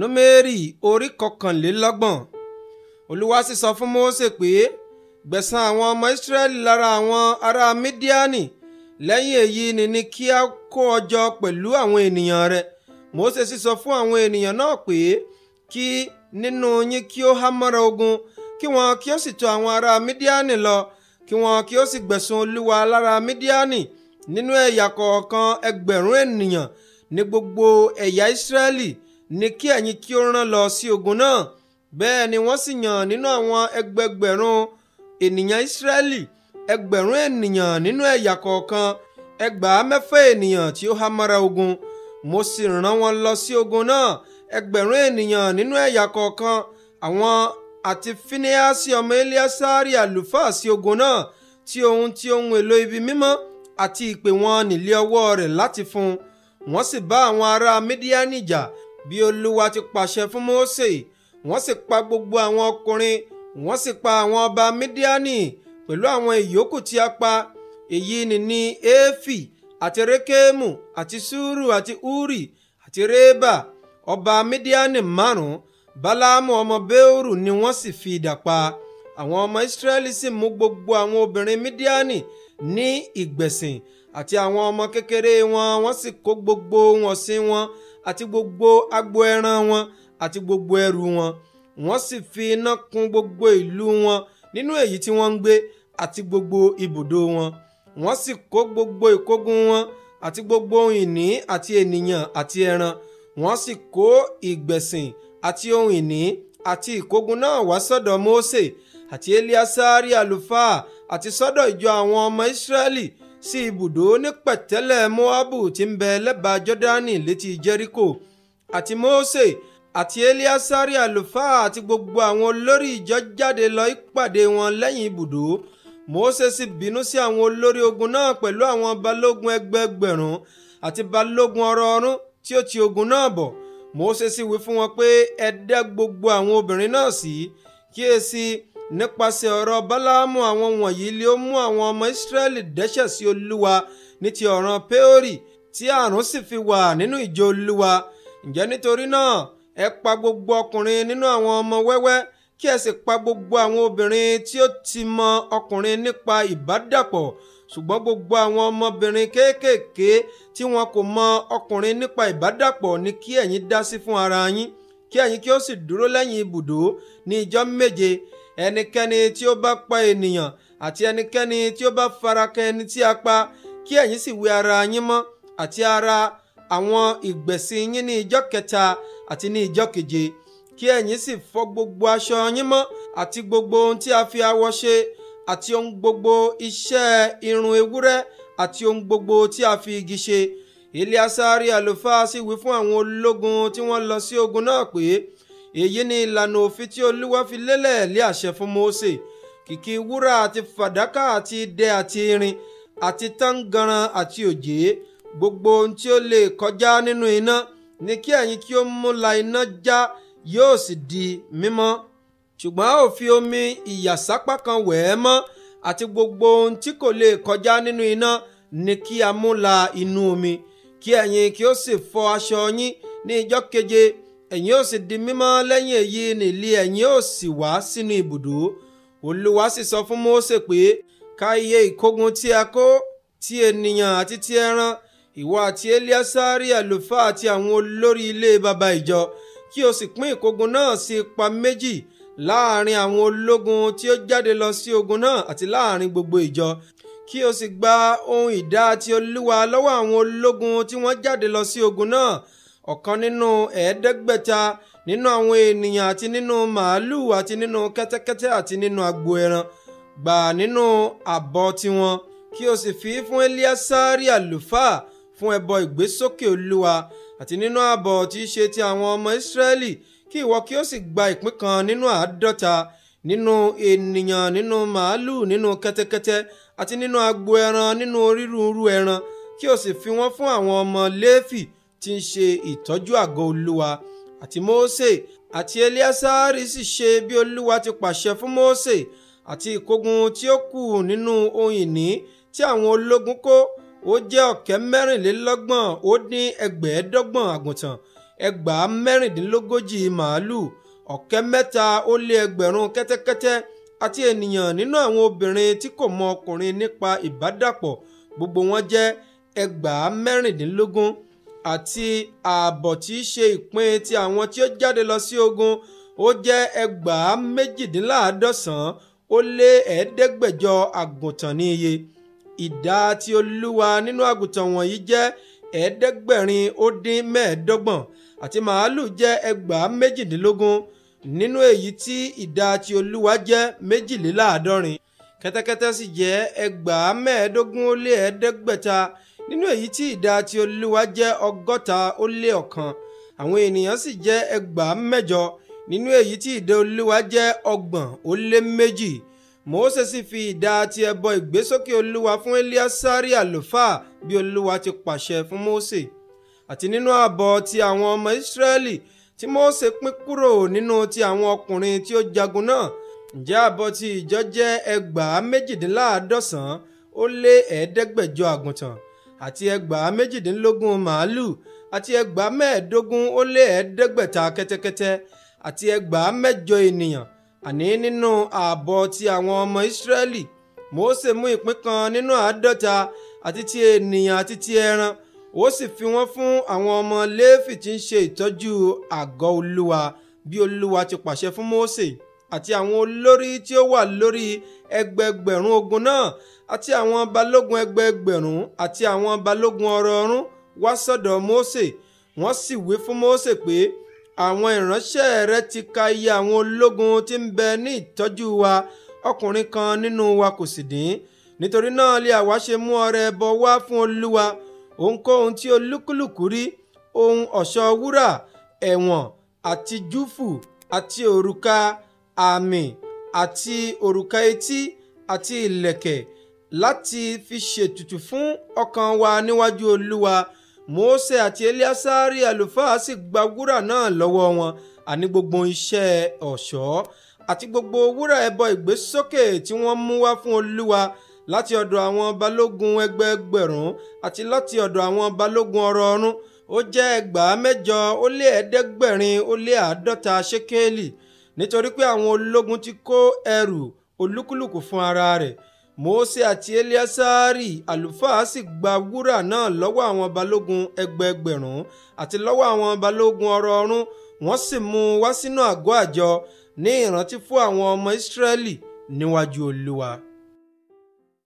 númẹ́rì orí kọkànlélọ́gbọ̀n olúwa sì sọ fún Mósè pé gbẹ̀san àwọn ọmọ Ísírẹ́lì lára àwọn ará Mídíánì lẹ́yìn èyí ni ni kí a kó ọ jọ pẹ̀lú àwọn ènìyàn rẹ̀ Mósè sì sọ fún àwọn ènìyàn náà pé kí nínú yín kí ó há mọ́ra ogun kí wọn kí ó sì tọ̀ àwọn ará Mídíánì lọ kí wọn kí ó sì gbẹ̀san olúwa lára Mídíánì nínú ẹ̀yà kọ̀ọ̀kan ẹgbẹ̀rún ènìyàn ní gbogbo ẹ̀yà Ísírẹ́lì ní kí ẹ̀yin kí ó rán lọ sí ogun náà bẹ́ẹ̀ ni wọ́n sì yàn nínú àwọn ẹgbẹgbẹ̀rún ènìyàn Ísírẹ́lì ẹgbẹ̀rún ènìyàn nínú ẹ̀yà kọ̀ọ̀kan ẹgbàá mẹ́fà ènìyàn tí ó há mọ́ra ogun mo sì rán wọn lọ sí ogun náà ẹgbẹ̀rún ènìyàn nínú ẹ̀yà kọ̀ọ̀kan àwọn àti Fíníásì ọmọ Eléásárì àlùfáà sí ogun náà tí ohun tí ohun èlò ibi mímọ́ àti ìpè wọn nílé ọwọ́ rẹ̀ láti fún un sì bá àwọn ará Mídíánì jà bí olúwa ti pàṣẹ fún Mósè wọ́n sì pa gbogbo àwọn ọkùnrin wọ́n sì pa àwọn ọba Mídíánì pẹ̀lú àwọn ìyókù tí a pa èyí ni ní éèfì àti rékéèmù àti súrù àti úrì àti rébà ọba Mídíánì márùn-ún ọmọ béórù ni wọ́n sì fi idà pa àwọn ọmọ Ísírẹ́lì sì mú gbogbo àwọn obìnrin Mídíánì ní ìgbẹ̀sìn àti àwọn ọmọ kékeré wọn wọ́n sì kó gbogbo wọn sí wọn àti gbogbo agbo ẹran wọn àti gbogbo ẹrù wọn wọ́n sì fi iná kún gbogbo ìlú wọn nínú èyí tí wọ́n ń gbé àti gbogbo ibùdó wọn wọ́n sì kó gbogbo ìkógun wọn àti gbogbo ohun ìní àti ènìyàn àti ẹran wọ́n sì kó ìgbẹ̀sìn àti ohun ìní àti ìkógun náà wá sọ́dọ̀ Mósè àti Eliasari alufa, àti sọ́dọ̀ ìjọ àwọn ọmọ Ísírẹ́lì sí ibùdó ní pẹ̀tẹ́lẹ̀ moabu tí ń bẹ lẹ́bàá jọ́dánì létí jẹ́ríkò àti mósè àti eliasari àlùfáà àti gbogbo àwọn olórí ìjọ jáde lọ ìpàdé wọn lẹ́yìn ibùdó mósè sì bínú sí àwọn olórí ogun náà pẹ̀lú àwọn balógun ẹgbẹẹgbẹ̀rún àti balógun ọrọ̀ọ̀rún tí ó ti ogun náà bọ̀ mósè sì wí fún wọn pé ẹ dá gbogbo àwọn obìnrin náà sí kíyèsí. Si, nípasẹ̀ ọ̀rọ̀ báláámù àwọn wọ̀nyí lé ó mú àwọn ọmọ ìsírẹ́lì dẹ́ṣẹ̀ sí olúwa ní ti ọ̀ràn péórì tí àrùn sì fi wà nínú ìjọ olúwa ǹjẹ́ nítorí náà ẹ pa gbogbo ọkùnrin nínú àwọn ọmọ wẹ́wẹ́ kí ẹ sì pa gbogbo àwọn obìnrin tí ó ti mọ ọkùnrin nípa ìbádàpọ̀ ṣùgbọ́n gbogbo àwọn ọmọbìnrin kéékèèké tí wọn kò mọ ọkùnrin nípa ìbádàpọ̀ ni kí ẹ̀yin dá sí fún ara yín kí ẹ̀yin kí ó sì dúró lẹ́yìn ibùdó ní ijọ́ méje ẹnikẹ́ni tí ó bá pa ènìyàn àti ẹnikẹ́ni tí ó bá farakẹ́ ẹni tí a pa kí ẹ̀yin sì wẹ ara yín mọ́ àti ara àwọn ìgbẹ̀sìn yín ní ìjọ́ kẹta àti ní ìjọ́ keje kí ẹ̀yin sì fọ gbogbo aṣọ yín mọ́ àti gbogbo ohun tí a fi awọ ṣe àti ohun gbogbo iṣẹ́ irun ewúrẹ́ àti ohun gbogbo tí a fi igi ṣe Eleasari àlùfáà sì wí fún àwọn ológun tí wọ́n lọ sí ogun náà pé èyí ni ìlànà òfin tí olúwa fi lélẹ̀ lé àṣẹ fún Mósè kìkì wúrà àti fàdákà àti idẹ àti irin àti táǹgànràn àti òjé gbogbo ohun tí ó lè kọjá nínú iná ni kí ẹ̀yin kí ó mú la iná já yóò sì di mímọ́ ṣùgbọ́n a ò fi omi ìyàsápá kan wẹ̀ ẹ́ mọ́ àti gbogbo ohun tí kò lè kọjá nínú iná ni kí a mú la inú omi kí ẹ̀yin kí ó sì fọ aṣọ yín ní ijọ́ keje ẹ̀yin ó sì di mímọ́ lẹ́yìn èyí nílé ẹ̀yin ó sì wá sínú ibùdó olúwa sì sọ fún Mósè pé ka iye ìkógun tí a kó ti ènìyàn àti ti ẹran ìwọ àti Eliasari àlùfáà àti àwọn olórí ilé baba ìjọ kí o sì pín ìkógun náà sí ipa méjì láàrin àwọn ológun tí ó jáde lọ sí ogun náà àti láàrin gbogbo ìjọ kí o sì gba ohun ìdá ti olúwa lọ́wọ́ àwọn ológun tí wọ́n jáde lọ sí ogun náà ọ̀kan nínú ẹ̀ẹ́dẹ́gbẹ̀ta nínú àwọn ènìyàn àti nínú màálùú àti nínú kẹ́tẹ́kẹ́tẹ́ àti nínú agbo ẹran gbà nínú àbọ̀ tiwọn kí o sì fi fún Eliasari àlùfáà fún ẹbọ ìgbésókè Olúwa àti nínú àbọ̀ tí í ṣe ti àwọn ọmọ Ísírẹ́lì kí ìwọ kí o sì gba ìpín kan nínú àádọ́ta nínú ènìyàn nínú màálùú nínú kẹ́tẹ́kẹ́tẹ́ àti nínú agbo ẹran nínú orírun ẹran kí o sì fi wọ́n fún àwọn ọmọ Léfì tí ń ṣe ìtọ́jú àgọ́ olúwa àti Mósè àti Eliasari sì ṣe bí olúwa ti pàṣẹ fún Mósè àti ìkógun tí ó kù nínú ohun ìní tí àwọn ológun kó ó jẹ́ ọ̀kẹ́ mẹ́rìnlélọ́gbọ̀n ó dín ẹgbẹ̀ẹ́dọ́gbọ̀n àgùntàn ẹgbàá mẹ́rìndínlógójì màálù ọ̀kẹ́ mẹ́ta ó lé ẹgbẹ̀rún kẹ́tẹ́kẹ́tẹ́ àti ènìyàn nínú àwọn obìnrin tí kò mọ ọkùnrin nípa ìbádàpọ̀ gbogbo wọn jẹ́ ẹgbàá mẹ́rìndínlógún àti ààbọ̀ tí í ṣe ìpín ti àwọn tí ó jáde lọ sí ogun ó jẹ́ ẹgbàá méjìdínláàádọ́sàn-án ó lé ẹ̀ẹ́dẹ́gbẹ̀jọ àgùntàn ní iye ìdá ti olúwa nínú àgùntàn wọ̀nyí jẹ́ ẹ̀ẹ́dẹ́gbẹ̀rin ó dín mẹ́ẹ̀ẹ́dọ́gbọ̀n àti màálù jẹ́ ẹgbàá méjìdínlógún nínú èyí tí ìdá ti olúwa jẹ́ méjìléláàádọ́rin kẹ́tẹ́kẹ́tẹ́ sì jẹ́ ẹgbàá mẹ́ẹ̀ẹ́dógún ó lé ẹ̀ẹ́dẹ́gbẹ̀ta nínú èyí tí ìdá ti olúwa jẹ́ ọgọ́ta ó lé ọ̀kan àwọn ènìyàn sì jẹ́ ẹgbàá mẹ́jọ nínú èyí tí ìdá olúwa jẹ́ ọgbọ̀n ó lé méjì Mósè sì fi ìdá ti ẹbọ ìgbésókè olúwa fún Eliasari àlùfáà bí olúwa ti pàṣẹ fún Mósè àti nínú ààbọ̀ ti àwọn ọmọ Ísírẹ́lì tí Mósè pín kúrò nínú ti àwọn ọkùnrin tí ó jagun náà ǹjẹ́ ààbọ̀ ti ìjọ jẹ́ ẹgbàá méjìdínláàádọ́sàn-án ó lé ẹ̀ẹ́dẹ́gbẹ̀jọ àgùntàn àti ẹgbàá méjìdínlógún màálù àti ẹgbàá mẹ́ẹ̀ẹ́dógún ó lé ẹ̀ẹ́dẹ́gbẹ̀ta kẹ́tẹ́kẹ́tẹ́ àti ẹgbàá mẹ́jọ ènìyàn àní nínú ààbọ̀ ti àwọn ọmọ Ísírẹ́lì Mósè mú ìpín kan nínú àádọ́ta àti ti ènìyàn àti ti ẹran ó sì fi wọ́n fún àwọn ọmọ Léfì tí ń ṣe ìtọ́jú àgọ́ Olúwa bí Olúwa ti pàṣẹ fún Mósè àti àwọn olórí tí ó wà lórí ẹgbẹẹgbẹ̀rún ogun náà àti àwọn balógun ẹgbẹẹgbẹ̀rún àti àwọn balógun ọ̀rọ̀ ọ̀rún wá sọ́dọ̀ Mósè wọ́n sì wí fún Mósè pé àwọn ìránṣẹ́ rẹ ti ka iye àwọn ológun tí ń bẹ ní ìtọ́jú wa ọkùnrin kan nínú wa kò sì dín nítorí náà lè àwa ṣe mú ọrẹ ẹbọ wá fún Olúwa ohunkóhun tí olúkúlùkù rí ohun ọ̀ṣọ́ wúrà ẹ̀wọ̀n àti júfù àti òrùka àmì àti òrùka etí àti ìlẹ̀kẹ̀ láti fi ṣètùtù fún ọkàn wa níwájú olúwa Mósè àti Eliasari àlùfáà sì gba wúrà náà lọ́wọ́ wọn àní gbogbo iṣẹ́ ọ̀ṣọ́ àti gbogbo wúrà ẹbọ ìgbésókè tí wọ́n mú wá fún olúwa láti ọ̀dọ̀ àwọn balógun ẹgbẹẹgbẹ̀rún àti láti ọ̀dọ̀ àwọn balógun ọrọ̀ ọ̀run ó jẹ́ ẹgbàá mẹ́jọ ó lé ẹ̀ẹ́dẹ́gbẹ̀rin ó lé àádọ́ta ṣékélì nítorí pé àwọn ológun ti kó ẹrù olúkúlùkù fún ara rẹ̀ Mósè àti Eliasari àlùfáà sì gba wúrà náà lọ́wọ́ àwọn balógun ẹgbẹẹgbẹ̀rún àti lọ́wọ́ àwọn balógun ọrọ̀ ọ̀run wọ́n sì mú un wá sínú àgọ́ àjọ ní ìrántí fún àwọn ọmọ Ísírẹ́lì níwájú Olúwa.